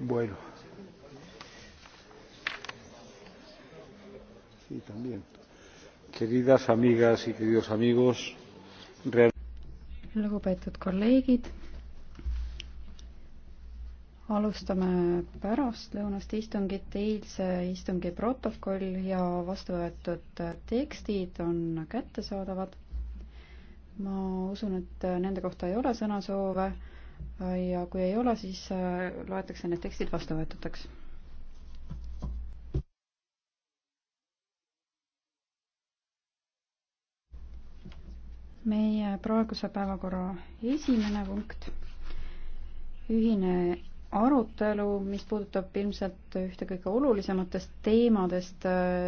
Bueno. Sí, también. Queridas amigas y queridos amigos, real... lugupeetud kolleegid, alustame pärastlõunast istungit, eilse istungi protokoll ja vastu võetud tekstid on kättesaadavad. ma usun, et nende kohta ei ole sõnasoove ja kui ei ole, siis äh, loetakse need tekstid vastuvõetuteks. meie praeguse päevakorra esimene punkt, ühine arutelu, mis puudutab ilmselt ühte kõige olulisematest teemadest äh,